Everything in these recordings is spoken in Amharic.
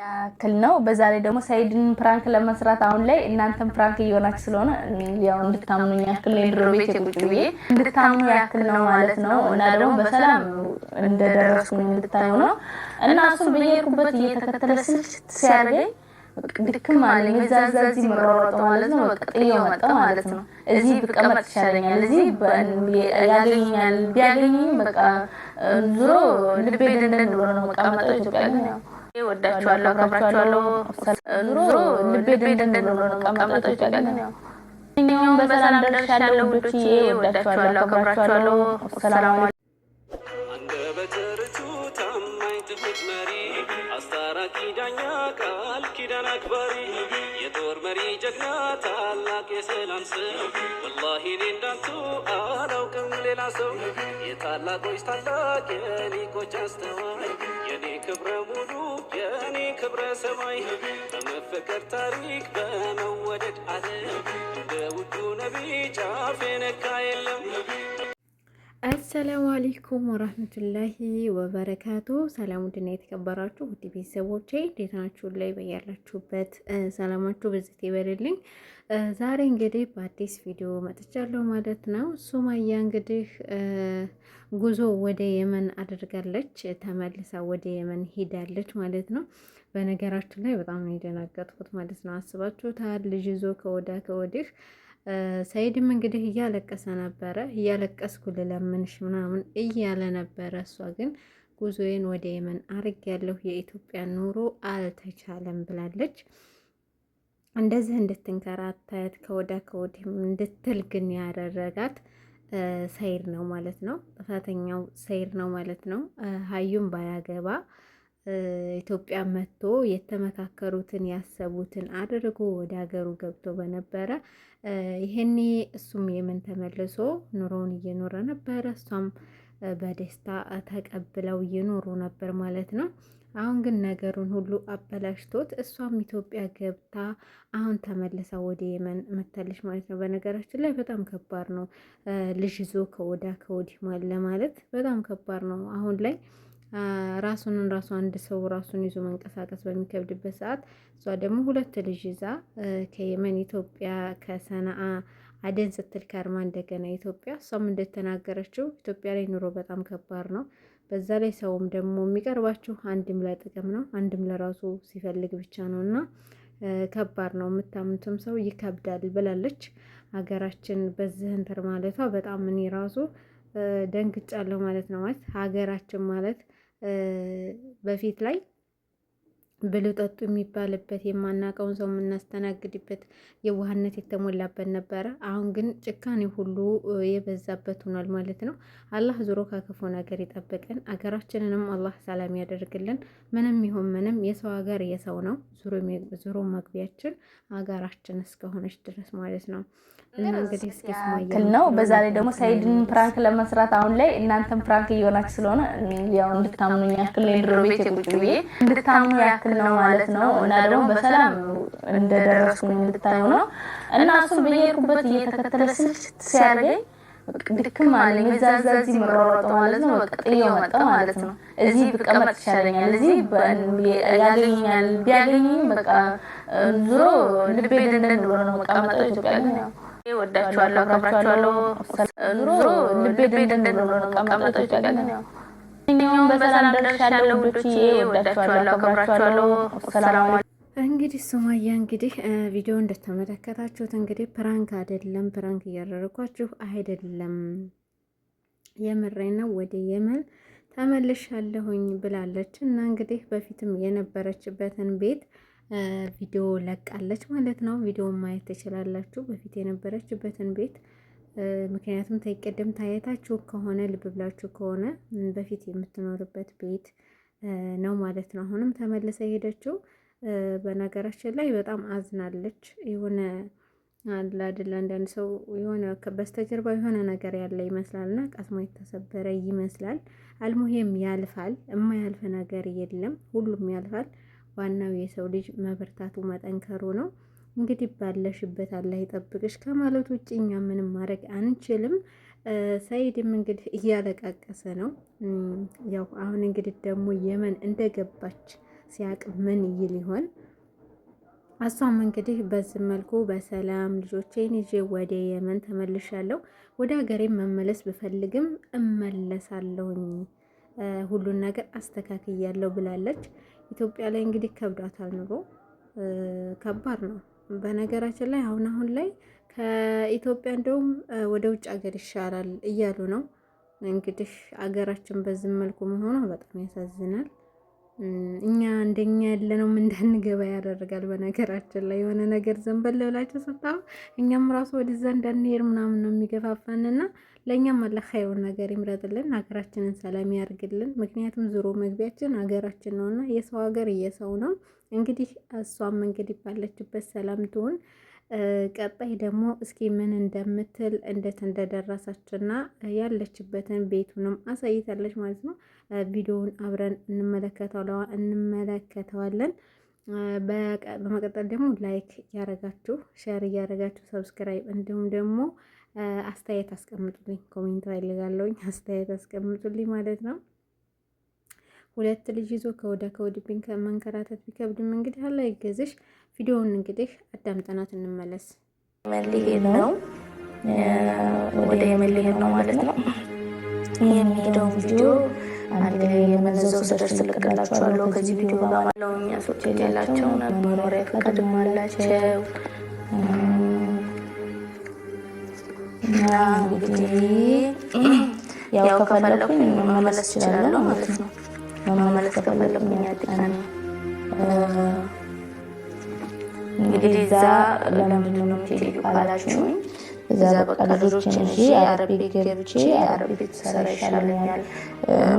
ያክል ነው። በዛ ላይ ደግሞ ሳይድን ፕራንክ ለመስራት አሁን ላይ እናንተም ፕራንክ እየሆናችሁ ስለሆነ ያው እንድታምኑ ያክል ነው። የድሮ ቤት የቁጭ ብዬ እንድታምኑ ያክል ነው ማለት ነው። እና ደግሞ በሰላም እንደደረሱ እንድታዩ ነው። እና እሱም በየሄድኩበት እየተከተለ ስልክ ሲያደርገኝ ድክም አለኝ። የዛዛዚ መሯሯጠ ማለት ነው። በቃ ጥዬው መጣሁ ማለት ነው። እዚህ ብቀመጥ ይሻለኛል። እዚህ ያገኛል ቢያገኝም በቃ ዙሮ ልቤ ደንደን ብሎ ነው መቀመጠው ኢትዮጵያ ግን ወዳችኋለሁ፣ አከብራችኋለሁ። ዙሮ ልቤ ደንደን ብሎ ቀመጠጦች እኛውም በሰላም ደርሻለሁ። ውዶቼ ወዳችኋለሁ፣ አከብራችኋለሁ። ሰላም መሪ አስታራቂ ዳኛ ኪዳን አክባሪ የጦር መሪ ጀግና ታላቅ የሰላም ሰው ወላሂ እኔ እንዳንቱ አላውቅም ሌላ ሰው የታላቆች ታላቅ የሊቆች አስተዋይ ክብረ ሙሉ የእኔ ክብረ ሰማይ በመፈቀር ታሪክ በመወደድ አለ በውዱ ነቢ ጫፍ የነካ የለም። አሰላሙ አሌይኩም ወራህመቱላሂ ወበረካቱ። ሰላም ውድና የተከበራችሁ ውድ ቤተሰቦቼ እንዴት ናችሁ? ላይ በያላችሁበት ሰላማችሁ ይበልልኝ። ዛሬ እንግዲህ በአዲስ ቪዲዮ መጥቻለሁ ማለት ነው። ሱማያ እንግዲህ ጉዞ ወደ የመን አድርጋለች፣ ተመልሳ ወደ የመን ሄዳለች ማለት ነው። በነገራችን ላይ በጣም ነው የደነገጥኩት ማለት ነው። አስባችሁታል? ልጅ ይዞ ከወዳ ከወዲህ ሰይድም እንግዲህ እያለቀሰ ነበረ። እያለቀስኩ ልለምንሽ ምናምን እያለ ነበረ። እሷ ግን ጉዞዬን ወደ የመን አርግ ያለሁ የኢትዮጵያ ኑሮ አልተቻለም ብላለች። እንደዚህ እንድትንከራተት ከወዳ ከወዲህም እንድትል ግን ያደረጋት ሰይር ነው ማለት ነው። ጥፋተኛው ሰይር ነው ማለት ነው። ሀዩም ባያገባ ኢትዮጵያ መጥቶ የተመካከሩትን ያሰቡትን አድርጎ ወደ ሀገሩ ገብቶ በነበረ ይሄኔ እሱም የምን ተመልሶ ኑሮውን እየኖረ ነበረ። እሷም በደስታ ተቀብለው እየኖሩ ነበር ማለት ነው። አሁን ግን ነገሩን ሁሉ አበላሽቶት እሷም ኢትዮጵያ ገብታ አሁን ተመልሳ ወደ የመን መታለች ማለት ነው። በነገራችን ላይ በጣም ከባድ ነው ልጅ ይዞ ከወዳ ከወዲህ ለማለት በጣም ከባድ ነው አሁን ላይ ራሱንን ራሱ አንድ ሰው ራሱን ይዞ መንቀሳቀስ በሚከብድበት ሰዓት እሷ ደግሞ ሁለት ልጅ ይዛ ከየመን ኢትዮጵያ ከሰነአ አደን ስትል ከርማ እንደገና ኢትዮጵያ እሷም እንደተናገረችው ኢትዮጵያ ላይ ኑሮ በጣም ከባድ ነው። በዛ ላይ ሰውም ደግሞ የሚቀርባችሁ አንድም ለጥቅም ነው፣ አንድም ለራሱ ሲፈልግ ብቻ ነው እና ከባድ ነው። የምታምኑትም ሰው ይከብዳል ብላለች ሀገራችን። በዚህ እንትን ማለቷ በጣም እኔ ራሱ ደንግጫለሁ ማለት ነው። ማለት ሀገራችን ማለት በፊት ላይ ብሉ ጠጡ የሚባልበት የማናቀውን ሰው የምናስተናግድበት የዋህነት የተሞላበት ነበረ። አሁን ግን ጭካኔ ሁሉ የበዛበት ሆኗል ማለት ነው። አላህ ዞሮ ከክፉ ነገር ይጠብቀን፣ አገራችንንም አላህ ሰላም ያደርግልን። ምንም ይሁን ምንም የሰው ሀገር የሰው ነው። ዞሮ መግቢያችን አገራችን እስከሆነች ድረስ ማለት ነው። ክል ነው። በዛ ላይ ደግሞ ሳይድን ፕራንክ ለመስራት አሁን ላይ እናንተም ፕራንክ እየሆናችሁ ስለሆነ ያው እንድታምኑ ያክል ነው። የድሮ ቤት የቁጭ ብዬ እንድታምኑ ያክል ነው ማለት ነው። እና ደግሞ በሰላም እንደደረሱ እንድታዩ ነው። እና እሱም በየሄድኩበት እየተከተለ ስልችት ሲያደርገኝ ድክም አለኝ። የዛዛዚ እዛ መሯሯጥ ማለት ነው። በቃ ጥዬው መጣሁ ማለት ነው። እዚህ ብቀመጥ ይሻለኛል። እዚህ ያገኛል ቢያገኝም በቃ ዙሮ ልቤ ደንደን ብሎ ነው መቀመጠው ኢትዮጵያ ግን ወዳችኋለሁ፣ አከብራችኋለሁ። ኑሮ ልቤ ደንደን ብሎ እንግዲህ ሱማያ እንግዲህ ቪዲዮ እንደተመለከታችሁት እንግዲህ ፕራንክ አይደለም፣ ፕራንክ እያደረኳችሁ አይደለም፣ የምሬ ነው ወደ የመን ተመልሻለሁኝ ብላለች እና እንግዲህ በፊትም የነበረችበትን ቤት ቪዲዮ ለቃለች ማለት ነው። ቪዲዮ ማየት ትችላላችሁ፣ በፊት የነበረችበትን ቤት። ምክንያቱም ተይቀደም ታየታችሁ ከሆነ ልብ ብላችሁ ከሆነ በፊት የምትኖርበት ቤት ነው ማለት ነው። አሁንም ተመልሰ ሄደችው። በነገራችን ላይ በጣም አዝናለች። የሆነ አለ አይደል አንዳንድ ሰው የሆነ በስተጀርባ የሆነ ነገር ያለ ይመስላልና ቀስሞ የተሰበረ ይመስላል። አልሙሄም ያልፋል። የማያልፍ ነገር የለም። ሁሉም ያልፋል። ዋናው የሰው ልጅ መበርታቱ መጠንከሩ ነው። እንግዲህ ባለሽበት አላህ ይጠብቅሽ ከማለት ውጭ እኛ ምንም ማድረግ አንችልም። ሰይድም እንግዲህ እያለቃቀሰ ነው። ያው አሁን እንግዲህ ደግሞ የመን እንደገባች ሲያቅ ምን ይል ይሆን? እሷም እንግዲህ በዚህ መልኩ በሰላም ልጆቼን ይዤ ወደ የመን ተመልሻለሁ። ወደ ሀገሬ መመለስ ብፈልግም እመለሳለሁኝ፣ ሁሉን ነገር አስተካክያለሁ ብላለች። ኢትዮጵያ ላይ እንግዲህ ከብዷታል ኑሮ ከባድ ነው። በነገራችን ላይ አሁን አሁን ላይ ከኢትዮጵያ እንደውም ወደ ውጭ ሀገር ይሻላል እያሉ ነው። እንግዲህ አገራችን በዚህ መልኩ መሆኗ በጣም ያሳዝናል። እኛ እንደኛ ያለ ነው እንዳንገባ ያደርጋል። በነገራችን ላይ የሆነ ነገር ዘንበል ብላቸው ስታ እኛም ራሱ ወደዛ እንዳንሄድ ምናምን ነው የሚገፋፋንና ለእኛም አላህ ነገር ይምረጥልን፣ ሀገራችንን ሰላም ያርግልን። ምክንያቱም ዙሮ መግቢያችን ሀገራችን ነውና የሰው ሀገር እየሰው ነው። እንግዲህ እሷም እንግዲህ ባለችበት ሰላም ትሁን። ቀጣይ ደግሞ እስኪ ምን እንደምትል እንዴት እንደደረሰችና ያለችበትን ቤቱንም አሳይታለች ማለት ነው። ቪዲዮውን አብረን እንመለከተዋለን። በመቀጠል ደግሞ ላይክ እያረጋችሁ ሼር እያረጋችሁ ሰብስክራይብ እንዲሁም ደግሞ አስተያየት አስቀምጡልኝ። ኮሜንት ፈልጋለሁኝ። አስተያየት አስቀምጡልኝ ማለት ነው። ሁለት ልጅ ይዞ ከወደ ከወዳ ከወዲብኝ መንከራተት ቢከብድም እንግዲህ አላ ይገዝሽ። ቪዲዮውን እንግዲህ አዳምጠናት እንመለስ። መሊሄድ ነው ወደ የመሊሄድ ነው ማለት ነው። የሚሄደው ቪዲዮ አንድ ላይ የመዘዘው ስደርስ ልቅላቸዋለሁ። ከዚህ ቪዲዮ ጋር ማለውኛ ሶች ያላቸው መኖሪያ ፈቃድም አላቸው ያው ከፈለኩኝ መመለስ እችላለሁ ማለት ነው። መመለስ ከፈለኩኝ ያድቃል። እንግዲህ እዛ ለምንድን ነው የምትሄጂው ካላችሁኝ እዛ በቃ ልጆችን እንጂ አረቤ ገብቼ አረቤ ቤተሰራ ይሻለኛል።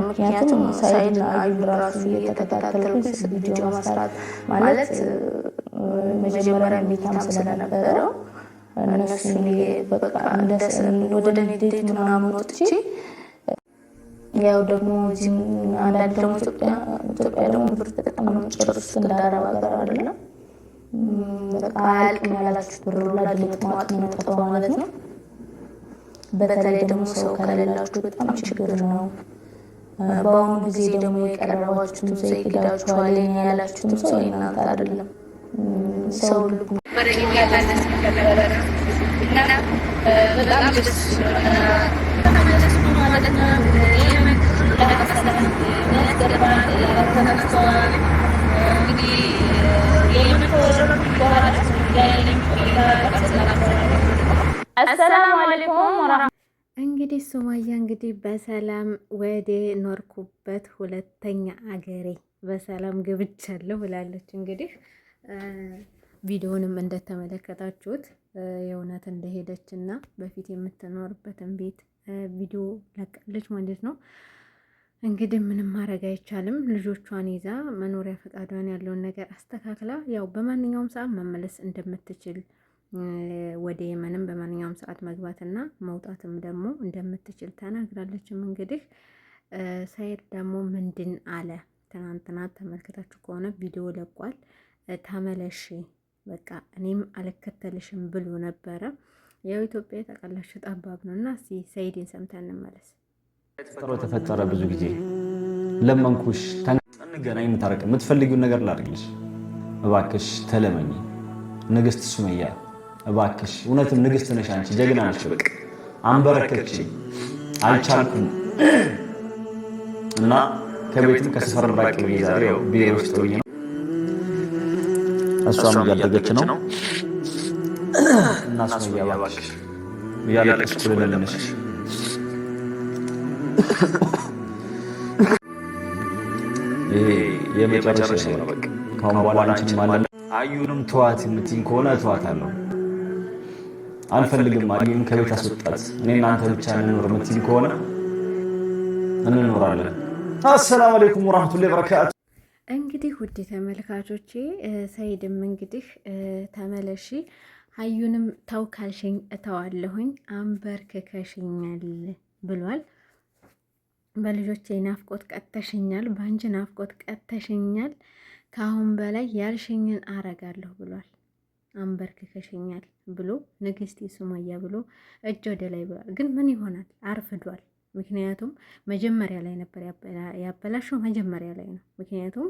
ምክንያቱም ሳይድና አዩን ራሱ እየተከታተልኩ ቪዲዮ መስራት ማለት መጀመሪያ ሚታም ስለነበረው ያው ደግሞ እዚህም አንዳንድ ደግሞ ኢትዮጵያ ደግሞ ብር እንዳረብ ሀገር አይደለም በቃ ብር ሁላ የሚመጣው ማለት ነው። በተለይ ደግሞ ሰው ከሌላችሁ በጣም ችግር ነው። በአሁኑ ጊዜ ደግሞ የቀረባችሁትም ሰው ይግዳችኋል፣ ያላችሁም ሰው ይናት አይደለም። ሰው እንግዲህ ሱማያ እንግዲህ በሰላም ወደ ኖርኩበት ሁለተኛ አገሬ በሰላም ገብቻለሁ ብላለች እንግዲህ ቪዲዮንም እንደተመለከታችሁት የእውነት እንደሄደች እና በፊት የምትኖርበትን ቤት ቪዲዮ ለቃለች ማለት ነው። እንግዲህ ምንም ማድረግ አይቻልም። ልጆቿን ይዛ መኖሪያ ፈቃዷን ያለውን ነገር አስተካክላ ያው በማንኛውም ሰዓት መመለስ እንደምትችል ወደ የመንም በማንኛውም ሰዓት መግባትና መውጣትም ደግሞ እንደምትችል ተናግራለችም። እንግዲህ ሰይድ ደግሞ ምንድን አለ ትናንትና ተመልክታችሁ ከሆነ ቪዲዮ ለቋል። ተመለሺ በቃ እኔም አልከተልሽም ብሎ ነበረ። ያው ኢትዮጵያ የታውቃላችሁ ጠባብ ነው እና እስኪ ሰይድን ሰምተን እንመለስ። ጥሩ የተፈጠረ ብዙ ጊዜ ለመንኩሽ፣ እንገናኝ፣ እንታረቅ፣ የምትፈልጊውን ነገር ላድርግልሽ፣ እባክሽ ተለመኝ። ንግስት ሱመያ እባክሽ፣ እውነትም ንግስት ነሽ አንቺ፣ ጀግና ነሽ። በቃ አንበረከችኝ፣ አልቻልኩም እና ከቤትም ከሰፈር ባቂ ብዬ ዛሬ ቢሮ ውስጥ ነው እሷም እያደገች ነው። እና ሱመያ እባክሽ እያለቀስኩ ልለምንሽ። ይሄ የመጨረሻ ነው። ካሁን በኋላ አንቺን ማለት አዩንም ተዋት የምትይኝ ከሆነ ተዋት አለው። አንፈልግም አዩን ከቤት አስወጣት፣ እኔ እናንተ ብቻ እንኖር የምትይኝ ከሆነ እንኖራለን። አሰላሙ አለይኩም ወራህመቱላሂ ወበረካቱ እንግዲህ ውድ ተመልካቾቼ ሰይድም እንግዲህ ተመለሺ ሀዩንም ተው ካልሽኝ እተዋለሁኝ አንበርክከሽኛል ብሏል። በልጆቼ ናፍቆት ቀተሽኛል፣ በአንቺ ናፍቆት ቀተሽኛል፣ ከአሁን በላይ ያልሽኝን አረጋለሁ ብሏል። አንበርክከሽኛል ብሎ ንግስቲ ሱመያ ብሎ እጅ ወደ ላይ ብሏል። ግን ምን ይሆናል አርፍዷል። ምክንያቱም መጀመሪያ ላይ ነበር ያበላሸው፣ መጀመሪያ ላይ ነው። ምክንያቱም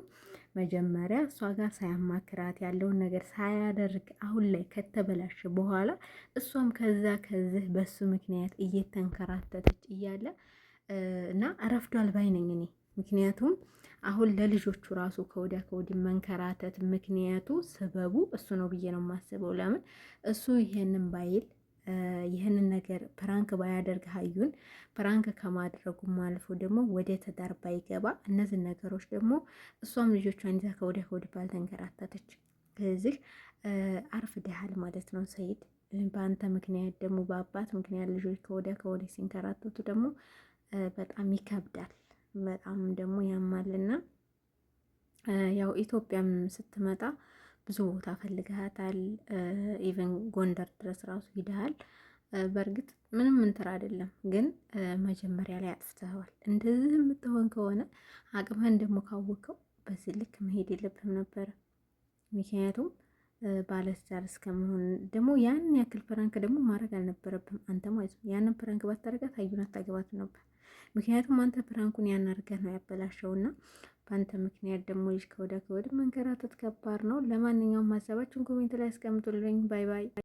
መጀመሪያ እሷ ጋር ሳያማክራት ያለውን ነገር ሳያደርግ አሁን ላይ ከተበላሸ በኋላ እሷም ከዛ ከዚህ በሱ ምክንያት እየተንከራተተች እያለ እና ረፍዷል ባይ ነኝ እኔ ምክንያቱም አሁን ለልጆቹ ራሱ ከወዲያ ከወዲህ መንከራተት ምክንያቱ ስበቡ እሱ ነው ብዬ ነው የማስበው። ለምን እሱ ይሄንን ባይል ይህንን ነገር ፕራንክ ባያደርግ ሀዩን ፕራንክ ከማድረጉም አልፎ ደግሞ ወደ ትዳር ባይገባ እነዚህ ነገሮች ደግሞ እሷም ልጆቿን ይዛ ከወዲያ ከወዲህ ባልተንከራተተች። ስለዚህ አርፍደሃል ማለት ነው ሰይድ። በአንተ ምክንያት ደግሞ በአባት ምክንያት ልጆች ከወዲያ ከወዲህ ሲንከራተቱ ደግሞ በጣም ይከብዳል። በጣም ደግሞ ያማልና ያው ኢትዮጵያም ስትመጣ ብዙ ቦታ ፈልገሃታል። ኢቨን ጎንደር ድረስ ራሱ ሂደሃል። በእርግጥ ምንም ምንትር አይደለም፣ ግን መጀመሪያ ላይ አጥፍተዋል እንደዚህ የምትሆን ከሆነ አቅምህን ደግሞ ካወቀው በዚህ ልክ መሄድ የለብህም ነበረ። ምክንያቱም ባለትዳር እስከመሆን ደግሞ ያን ያክል ፕራንክ ደግሞ ማድረግ አልነበረብህም አንተ ማለት ነው። ያንን ፕራንክ ባታደርጋት አዩን አታገባት ነበር። ምክንያቱም አንተ ፕራንኩን ያን አድርገህ ነው ያበላሸውና በአንተ ምክንያት ደግሞ ይሽ ከወዳ ከወድ መንከራተት ከባድ ነው። ለማንኛውም ሀሳባችሁን ኮሜንት ላይ አስቀምጡልኝ። ባይ ባይ።